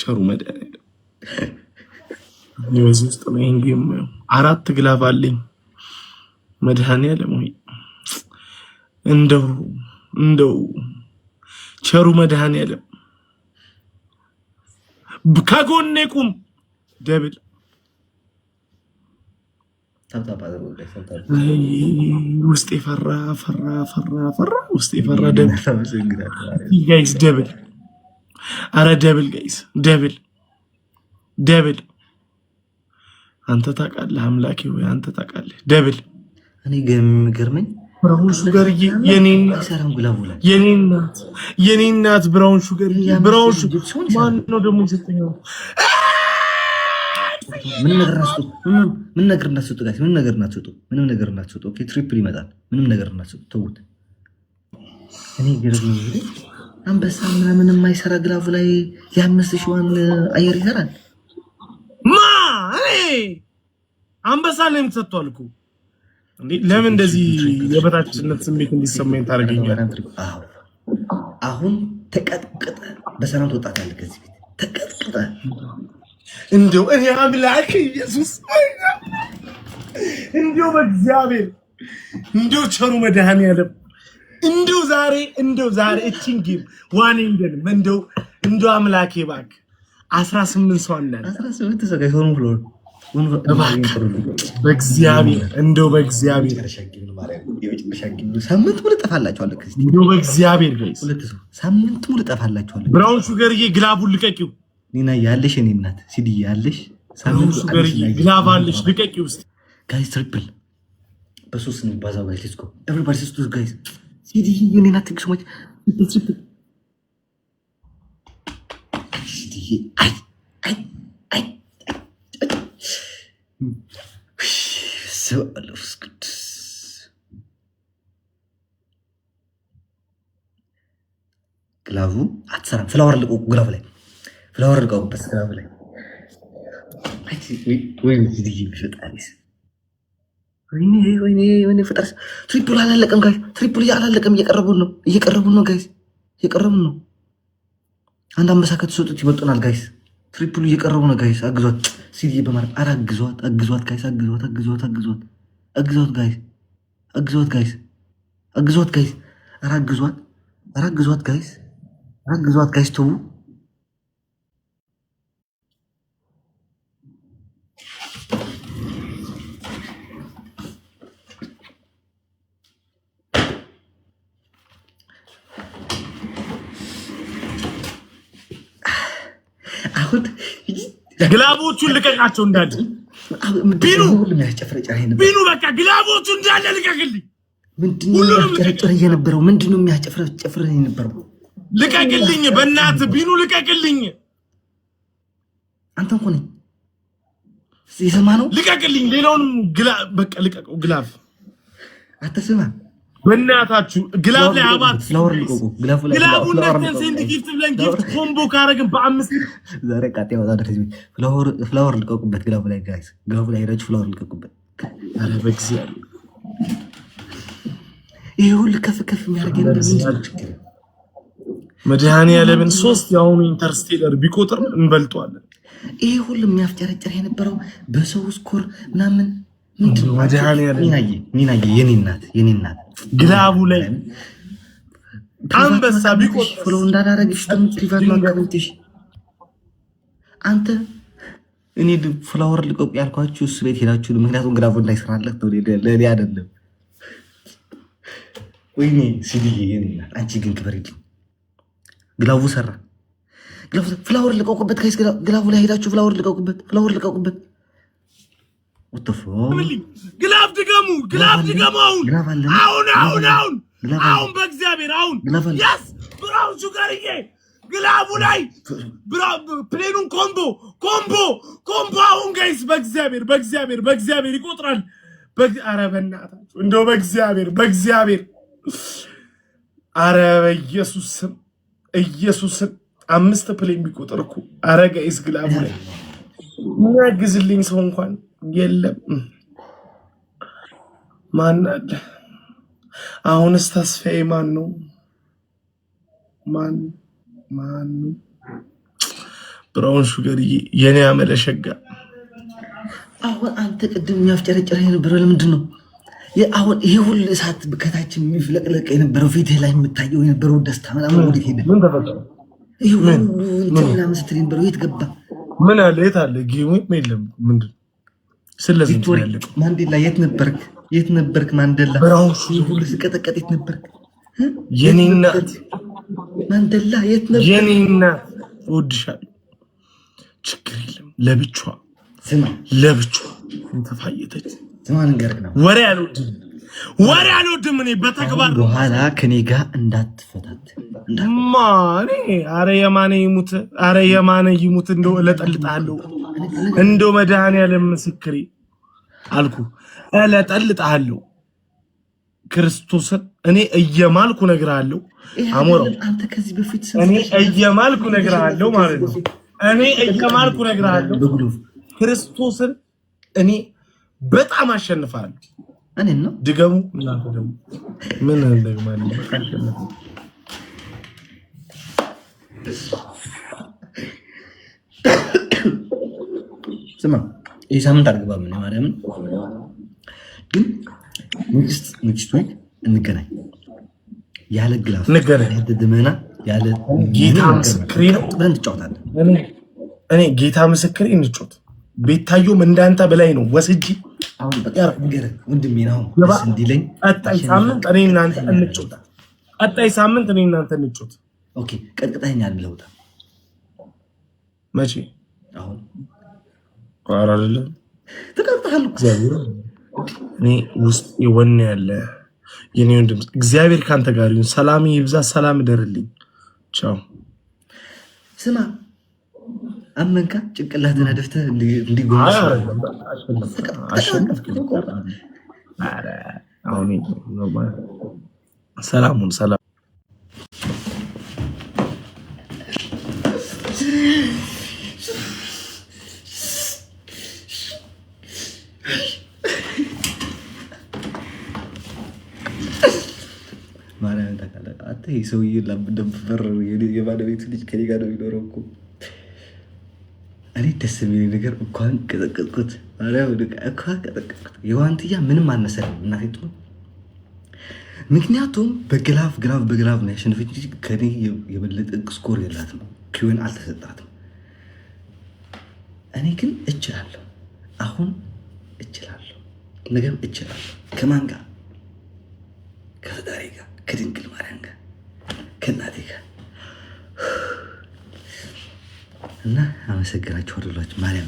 ሸሩ መድኃኒዓለም በዚህ ውስጥ ነው ይሄን የማየው። አራት ግላፍ አለኝ መድኃኒዓለም ወይ እንደው እንደው ቸሩ መድኃኒዓለም ከጎኔ ቁም ደብል ውስጥ የፈራ ፈራ ፈራ ፈራ ውስጥ የፈራ ደብል ጋይስ ደብል አረ ደብል ገይስ ደብል ደብል አንተ ታውቃለህ፣ አምላኬ ወይ አንተ ታውቃለህ። ደብል እኔ ገርመኝ ብራውን ሹገር የኔ እናት ብራውን ሹገር ብራውን ሹገር ማን ነው ደግሞ የሰጠኛው? ምን ነገር እንዳትሰጡ ጋይስ፣ ምንም ነገር እንዳትሰጡ፣ ምንም ነገር እንዳትሰጡ። ትሪፕል ይመጣል። ምንም ነገር እንዳትሰጡ፣ ተውት። እኔ ገርመኝ አንበሳ ምናምን የማይሰራ ግራቡ ላይ የአምስት ሺዋን አየር ይሰራል። ማ አንበሳ ላይ ተሰጥቷል አልኩ። ለምን እንደዚህ የበታችነት ስሜት እንዲሰማኝ ታደርገኛል? አሁን ተቀጥቅጠ በሰላም አለ። ከዚህ ቤት ተቀጥቅጠ እንዲው እኔ አምላክ ኢየሱስ እንዲው በእግዚአብሔር እንዲው ቸሩ መድኃኔዓለም እንደው ዛሬ እንደው ዛሬ እቺን ጌም ዋኔ እንደው እንደው አምላኬ እባክህ አስራ ስምንት ሰው አለ በእግዚአብሔር እንደው በእግዚአብሔር ሳምንት ሙሉ እጠፋላችኋለሁ። እንደው በእግዚአብሔር ሳምንት ሙሉ ብራውን ሹገርዬ ግላቡን ልቀቂው ኒና ያለሽ እኔ እናት ሲዲ ያለሽ ሳምንት ሹገርዬ ግላብ አለሽ ልቀቂው። ውስጥ ጋይስ ትሪፕል በሶስት ነው ጋይስ ጋይስ Siri, you need nothing so much. Siri, I, I, I, So all of good. ግላቡ አትሰራም። ፍላወር ልቀቁ፣ ግላቡ ላይ ፍላወር ልቀቁበት፣ ግላቡ ላይ ወይ ወይ ወይኔ ወይኔ ወይኔ ፍጠር ትሪፕል አላለቀም ጋይስ፣ ትሪፕል አላለቀም። እየቀረቡን ነው፣ እየቀረቡን ነው ጋይስ፣ እየቀረቡን ነው። አንድ አንበሳ ከተሰጡት ይበልጡናል ጋይስ። ትሪፕሉ እየቀረቡ ነው ጋይስ። አግዟት ሲዲ በማለት ኧረ አግዟት፣ አግዟት ጋይስ፣ አግዟት፣ አግዟት፣ አግዟት፣ አግዟት ጋይስ፣ አግዟት ጋይስ፣ አግዟት ጋይስ፣ ኧረ አግዟት፣ ኧረ አግዟት ጋይስ፣ ኧረ አግዟት ጋይስ፣ ተው ግላቦቹን ልቀቃቸው እንዳለ ቢኑ ቢኑ በቃ ግላቦቹ እንዳለ ልቀቅልኝ። ምንድነው የሚያጨፈረጭር የነበረው? ምንድነው የሚያጨፈረጭር የነበረው? ልቀቅልኝ፣ በእናት ቢኑ ልቀቅልኝ። አንተ እንኳን የሰማ ነው። ልቀቅልኝ። ሌላውንም በቃ ልቀቀው። ግላፍ አተስማ በእናታችሁ ግላብ ላይ አባት ግላቡን ነተን ሴንድ ጊፍት ብለን ጊፍት ኮምቦ ካረግን በአምስት ዛሬ ቃጤ ፍላወር ልቀቁበት። ግላቡ ላይ ጋይስ፣ ግላቡ ላይ ፍላወር ልቀቁበት። አረ በጊዜ ሁሉ ከፍ ከፍ የሚያደርግ መድኃኒዓለምን ሶስት የአሁኑ ኢንተርስቴለር ቢቆጥር እንበልጠዋለን። ይሄ ሁሉ የሚያፍጨረጭር የነበረው በሰው ስኮር ምናምን ሚናዬ የኔ እናት የኔ እናት ግላቡ ላይ አንበሳ ቢቆጥ ብሎ እንዳላረግሽ አንተ እኔ ፍላወር ልቀቁ ያልኳችሁ እሱ ቤት ሄዳችሁ፣ ምክንያቱም ግላቡ እንዳይሰራለት ነው። ለእኔ አይደለም። ወይኔ ሲድዬ የኔ እናት አንቺ ግን ክበር። ግላቡ ሰራ። ፍላወር ልቀቁበት፣ ከይስ ግላቡ ላይ ሄዳችሁ ፍላወር ልቀቁበት፣ ፍላወር ልቀቁበት ግላፍ ድገሙ፣ ግላፍ ድገሙ። አሁን አሁን አሁን አሁን አሁን በእግዚአብሔር አሁን ያስ ብራውን ሹገርዬ ግላቡ ላይ ፕሌኑን ኮምቦ ኮምቦ ኮምቦ። አሁን ጋይስ በእግዚአብሔር በእግዚአብሔር በእግዚአብሔር ይቆጥራል። ኧረ በእናታችሁ እንደው በእግዚአብሔር በእግዚአብሔር ኧረ በኢየሱስ ስም አምስት ፕሌን ቢቆጥር እኮ ኧረ ጋይስ ግላቡ ላይ የሚያግዝልኝ ሰው እንኳን የለም። ማን አለ? አሁንስ ተስፋዬ ማን ነው? ማን ማን ብራውን ሹገር የኔ አመለሸጋ አሁን አንተ ቅድም የሚያፍጨረጨረ የነበረው ለምንድን ነው? አሁን ይሄ ሁሉ እሳት ከታችን የሚፍለቅለቅ የነበረው ፊትህ ላይ የምታየው የነበረው ደስታ ምናምን ወዴት ሄደ? ይሄ ሁሉ ምን ስትል የነበረው የት ገባ? ምን አለ? የት አለ? ጌሙ የለም ምንድን ስለዚህ ማንዴላ የት ነበርክ? የት ነበርክ? ማንዴላ ሁሉ ስቀጠቀጥ የት ነበርክ? የኔ እናት ማንዴላ የት ነበርክ? የኔ እናት እወድሻለሁ። ችግር የለም። ለብቻ ስማ፣ ለብቻ ተፋየተች። ስማ ንገርክ ነው ወሬ አልወድም፣ ወሬ አልወድም። እኔ በተግባር በኋላ ከኔ ጋር እንዳትፈታት ማኔ። አረ የማነ ይሙት፣ አረ የማነ ይሙት። እንደው እለጠልጣለሁ እንደው መድኃኔዓለም ምስክሬ አልኩ። እለጠልጥሃለሁ ክርስቶስን እኔ እየማልኩ እነግርሃለሁ። አሞራው እኔ እየማልኩ እነግርሃለሁ ማለት ነው። እኔ እየማልኩ እነግርሃለሁ ክርስቶስን እኔ በጣም አሸንፋለሁ። ነው ድገሙ። እናንተ ደግሞ ምን እንደግማለሁ ስማ ይህ ሳምንት አልገባም ምን ማርያምን። ግን ንግስት ዊክ እንገናኝ፣ ያለ ግላፍ ድመና ያለ ጌታ ምስክሬ ነው ብለን ትጫወታለን። እኔ ጌታ ምስክሬ እንጫወት። ቤታዮም እንዳንተ በላይ ነው ወስጂ ቀጣይ ሳምንት እኔ እናንተ መቼ አሁን ኧረ አይደለም እኔ ውስጥ ያለ የኔ ወንድም እግዚአብሔር ካንተ ጋር ይሁን። ሰላም ይብዛ። ሰላም እደርልኝ። ቻው። ስማ አመንካ ጭንቅላትን አደፍተህ እንዲጎመስ ሰላም ማርያም ታውቃለህ አንተ የሰውዬ ለምደንበር የባለቤቱ ልጅ ከኔ ጋር ነው የሚኖረው እኮ። እኔ ደስ የሚለኝ ነገር እንኳን ቀጠቀጥኩት፣ እንኳን ቀጠቀጥኩት። የዋንትያ ምንም አልመሰለኝም እናቴ ምክንያቱም በግላፍ ግላፍ በግላፍ ነው ያሸንፈች እንጂ ከኔ የበለጠ ስኮር የላትም፣ ኪዩን አልተሰጣትም። እኔ ግን እችላለሁ አሁን ነገም እችላለሁ። ከማን ጋር? ከፈጣሪ ጋር፣ ከድንግል ማርያም ጋር፣ ከእናቴ ጋር እና አመሰግናችሁ አደሏችሁ ማርያም